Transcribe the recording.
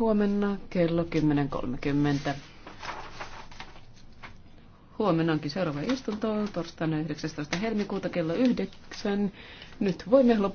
Huomenna kello 10.30. Huomenna onkin seuraava istunto torstaina 19. helmikuuta kello 9. Nyt voimme lopettaa.